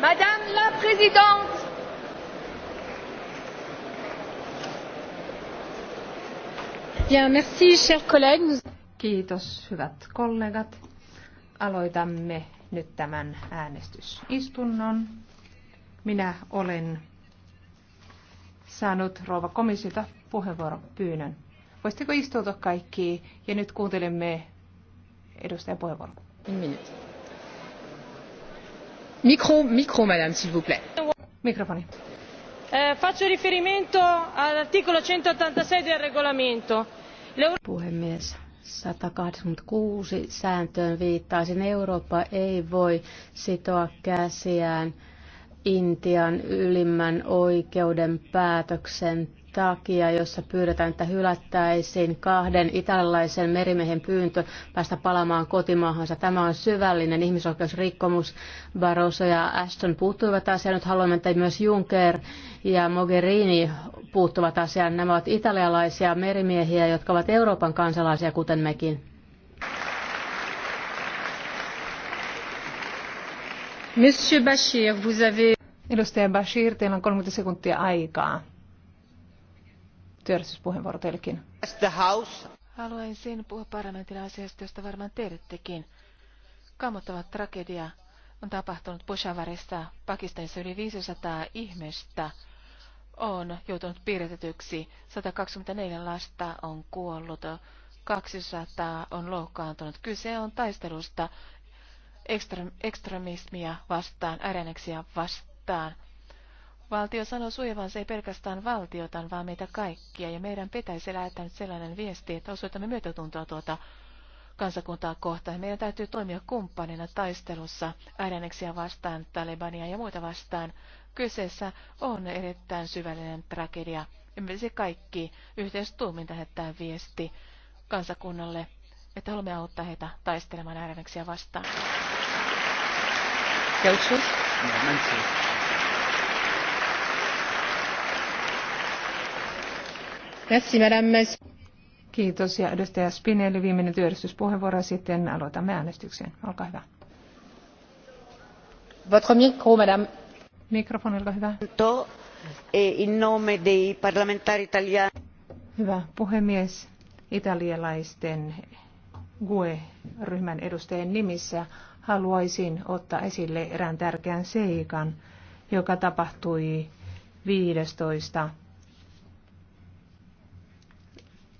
Madame la Présidente, Bien, merci, chers collègues. Kiitos, hyvät kollegat. Aloitamme nyt tämän äänestysistunnon. Minä olen saanut rouva komissiota puheenvuoropyynnön. Voisitteko istua kaikki ja nyt kuuntelemme edustajan puheenvuoron. Minuutti. Mikro, mikro, madame, eh, faccio riferimento all'articolo 186 del regolamento. Puhemies, 186 sääntöön viittaisin. Eurooppa ei voi sitoa käsiään Intian ylimmän oikeuden päätöksen takia, jossa pyydetään, että hylättäisiin kahden italialaisen merimiehen pyyntö päästä palaamaan kotimaahansa. Tämä on syvällinen ihmisoikeusrikkomus. Barroso ja Ashton puuttuivat asiaan. Nyt haluamme, että myös Juncker ja Mogherini puuttuvat asiaan. Nämä ovat italialaisia merimiehiä, jotka ovat Euroopan kansalaisia, kuten mekin. Monsieur Bashir, vous avez... Edustaja Bashir, teillä on 30 sekuntia aikaa työllisyyspuheenvuoro teillekin. Haluaisin puhua parlamentin asiasta, josta varmaan tiedättekin. Kammottava tragedia on tapahtunut Pushavarissa. Pakistanissa yli 500 ihmistä on joutunut piirretetyksi. 124 lasta on kuollut. 200 on loukkaantunut. Kyse on taistelusta ekstrem, ekstremismia vastaan, äreneksiä vastaan. Valtio sanoo suojavansa ei pelkästään valtiotan, vaan meitä kaikkia, ja meidän pitäisi lähettää nyt sellainen viesti, että osoitamme myötätuntoa tuota kansakuntaa kohtaan. Meidän täytyy toimia kumppanina taistelussa äidänneksiä vastaan, Talibania ja muita vastaan. Kyseessä on erittäin syvällinen tragedia. Ymmärsi kaikki yhteistuumin tähän viesti kansakunnalle, että haluamme auttaa heitä taistelemaan ääränneksiä vastaan. Kelsus? No, Merci, madame. Kiitos. Ja edustaja Spinelli, viimeinen työllistyspuheenvuoro ja sitten aloitamme äänestyksen. Olkaa hyvä. Votre micro, madame. Mikrofoni, olkaa hyvä. To, e in nome dei parlamentari italiani. Hyvä puhemies. Italialaisten GUE-ryhmän edustajien nimissä haluaisin ottaa esille erään tärkeän seikan, joka tapahtui 15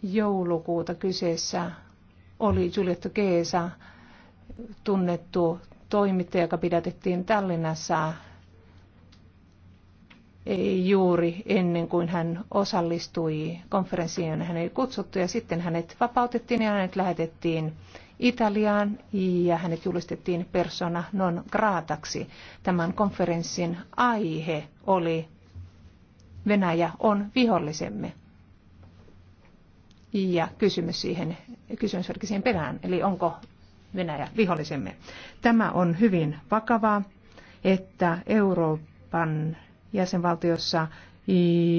joulukuuta kyseessä oli Giulietto Keesa, tunnettu toimittaja, joka pidätettiin Tallinnassa juuri ennen kuin hän osallistui konferenssiin, johon hän ei kutsuttu, ja sitten hänet vapautettiin ja hänet lähetettiin Italiaan ja hänet julistettiin persona non grataksi. Tämän konferenssin aihe oli Venäjä on vihollisemme ja kysymys siihen, kysymysmerkki siihen perään, eli onko Venäjä vihollisemme. Tämä on hyvin vakavaa, että Euroopan jäsenvaltiossa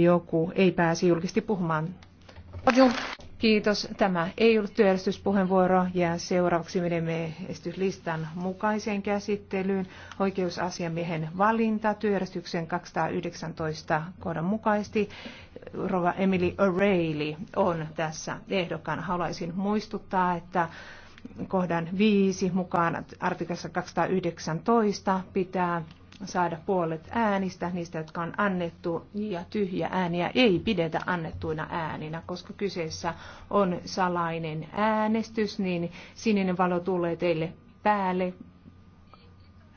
joku ei pääsi julkisesti puhumaan Kiitos. Tämä ei ollut työjärjestyspuheenvuoro ja seuraavaksi menemme esityslistan mukaiseen käsittelyyn. Oikeusasiamiehen valinta työjärjestyksen 219 kohdan mukaisesti. Rova Emily O'Reilly on tässä ehdokkaana. Haluaisin muistuttaa, että kohdan 5 mukaan artikassa 219 pitää saada puolet äänistä, niistä jotka on annettu, ja tyhjä ääniä ei pidetä annettuina ääninä, koska kyseessä on salainen äänestys, niin sininen valo tulee teille päälle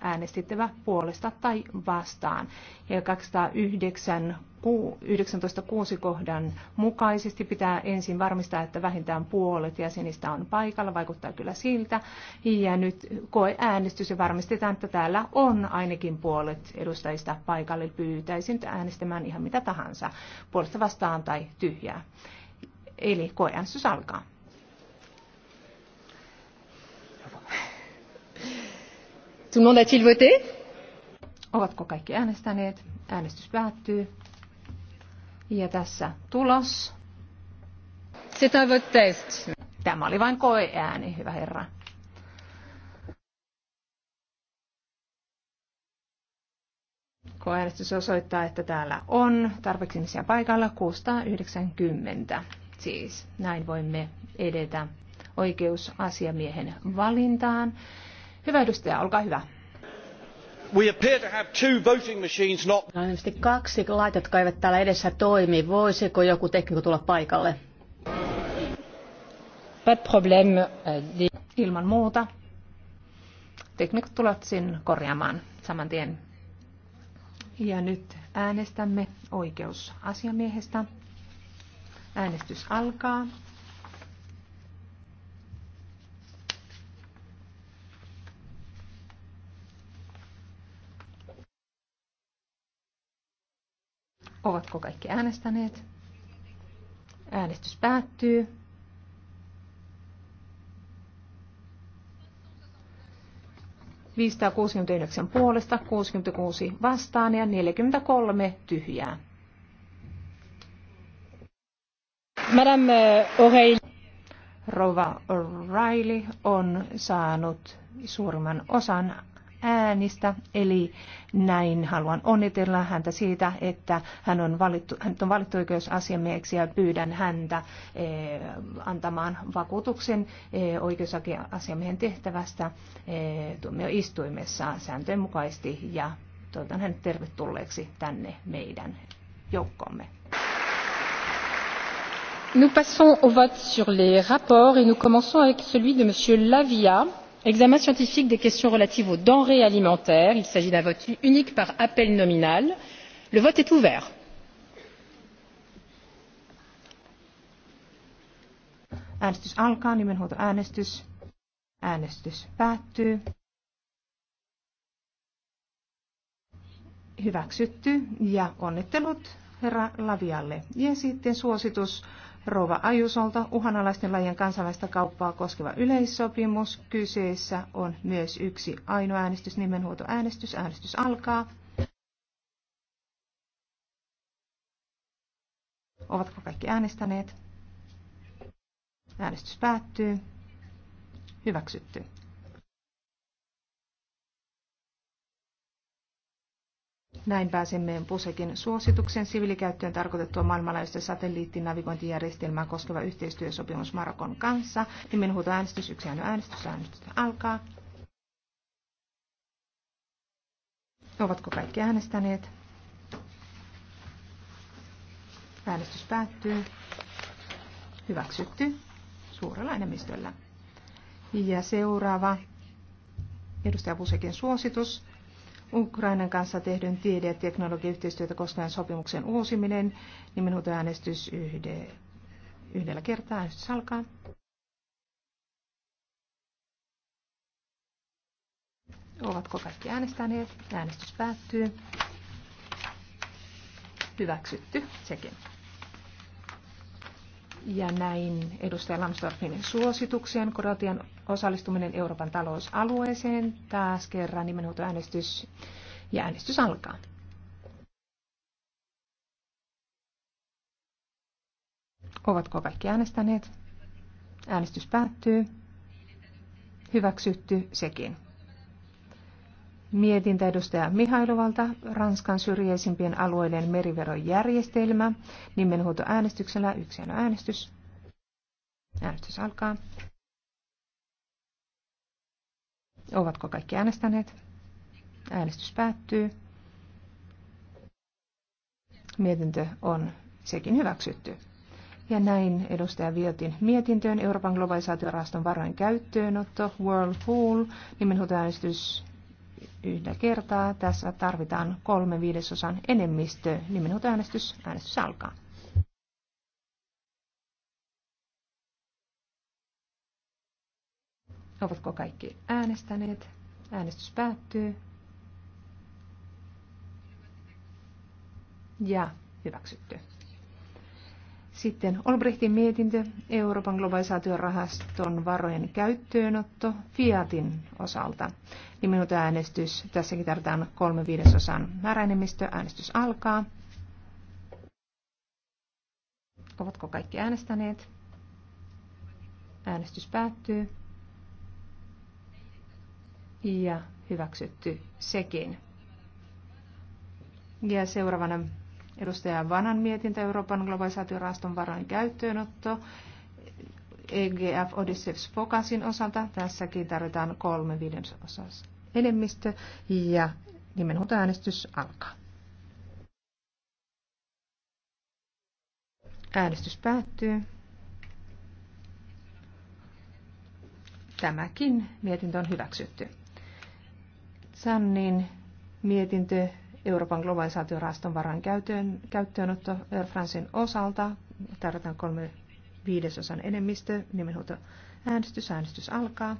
äänestittevä puolesta tai vastaan. Ja 209 19.6 kohdan mukaisesti pitää ensin varmistaa, että vähintään puolet jäsenistä on paikalla, vaikuttaa kyllä siltä. Ja nyt koeäänestys ja varmistetaan, että täällä on ainakin puolet edustajista paikalle. Pyytäisin äänestämään ihan mitä tahansa, puolesta vastaan tai tyhjää. Eli koeäänestys alkaa. Tout le monde a-t-il voté? Ovatko kaikki äänestäneet? Äänestys päättyy. Ja tässä tulos. Sitä un test. Tämä oli vain koeääni, hyvä herra. Koeäänestys osoittaa, että täällä on tarveksimisia paikalla 690. Siis näin voimme edetä oikeusasiamiehen valintaan. Hyvä edustaja, olkaa hyvä. We appear to have two voting machines not... No, kaksi laitetta, jotka eivät täällä edessä toimi. Voisiko joku teknikko tulla paikalle? Pas de problème. Ilman muuta. Teknikot tulevat sinne korjaamaan saman tien. Ja nyt äänestämme oikeusasiamiehestä. Äänestys alkaa. Ovatko kaikki äänestäneet? Äänestys päättyy. Viisisataakuusikymmentäyhdeksän puolesta, 66 vastaan ja 43 tyhjää. Madame uh, O'Reilly. Rova O'Reilly on saanut suurimman osan äänistä, eli näin haluan onnitella häntä siitä, että hän on valittu, hänet on valittu oikeusasiamieheksi ja pyydän häntä e, antamaan vakuutuksen e, oikeusasiamiehen tehtävästä e, tuomioistuimessa sääntöjen mukaisesti ja toivotan hänet tervetulleeksi tänne meidän joukkomme. Nous passons au vote sur les rapports et nous commençons avec celui de Monsieur Lavia examen scientifique des questions relatives aux denrées alimentaires il s'agit d'un vote unique par appel nominal. le vote est ouvert. Äänestys alkaa, Äänestys päättyy. Hyväksytty ja Ja sitten Rova Ajusolta uhanalaisten lajien kansainvälistä kauppaa koskeva yleissopimus. Kyseessä on myös yksi ainoa äänestys, nimenhuutoäänestys. Äänestys alkaa. Ovatko kaikki äänestäneet? Äänestys päättyy. Hyväksytty. Näin pääsemme PUSEKin suosituksen siviilikäyttöön tarkoitettua maailmanlaajuista satelliittinavigointijärjestelmää koskeva yhteistyösopimus Marokon kanssa. äänestys, yksi äänestys, äänestys alkaa. Ovatko kaikki äänestäneet? Äänestys päättyy. Hyväksytty suurella enemmistöllä. Ja seuraava edustaja Pusekin suositus. Ukrainan kanssa tehdyn tiede- ja teknologiayhteistyötä koskevan sopimuksen uusiminen, niin äänestys yhde, yhdellä kertaa. Äänestys alkaa. Ovatko kaikki äänestäneet? Äänestys päättyy. Hyväksytty sekin. Ja näin edustaja Lambsdorffin suosituksen Kroatian osallistuminen Euroopan talousalueeseen. Taas kerran äänestys ja äänestys alkaa. Ovatko kaikki äänestäneet? Äänestys päättyy. Hyväksytty sekin. Mietintä edustaja Mihailovalta, Ranskan syrjäisimpien alueiden meriverojärjestelmä, nimenhuuto äänestyksellä, yksi äänestys. Äänestys alkaa. Ovatko kaikki äänestäneet? Äänestys päättyy. Mietintö on sekin hyväksytty. Ja näin edustaja Viotin mietintöön Euroopan globalisaatiorahaston varojen käyttöönotto, nimenhuuto äänestys yhdellä kertaa. Tässä tarvitaan kolme viidesosan enemmistö. äänestys. Äänestys alkaa. Ovatko kaikki äänestäneet? Äänestys päättyy. Ja hyväksytty. Sitten Olbrechtin mietintö, Euroopan globalisaatiorahaston varojen käyttöönotto Fiatin osalta. Nimenut äänestys, tässäkin tarvitaan kolme viidesosan määräenemmistö, äänestys alkaa. Ovatko kaikki äänestäneet? Äänestys päättyy. Ja hyväksytty sekin. Ja seuraavana Edustaja Vanan mietintö Euroopan globalisaatiorahaston varojen käyttöönotto. EGF Odysseus Fokasin osalta. Tässäkin tarvitaan kolme viidesosas enemmistö ja nimenhuutoäänestys alkaa. Äänestys päättyy. Tämäkin mietintö on hyväksytty. Sannin mietintö Euroopan globalisaatiorahaston varan käyttöön, käyttöönotto Air Francein osalta. Tarvitaan kolme viidesosan enemmistö, nimenhuuto äänestys, äänestys alkaa.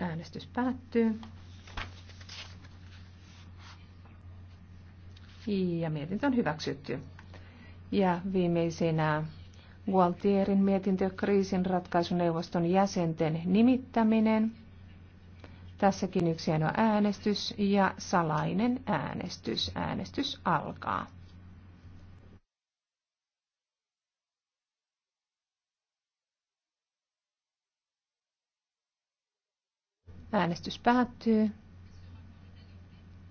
Äänestys päättyy. Ja mietintö on hyväksytty. Ja viimeisenä Gualtierin mietintö ratkaisuneuvoston jäsenten nimittäminen. Tässäkin yksi ainoa äänestys ja salainen äänestys. Äänestys alkaa. Äänestys päättyy.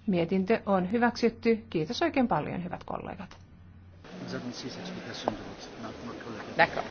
Mietintö on hyväksytty. Kiitos oikein paljon, hyvät kollegat. D'accord.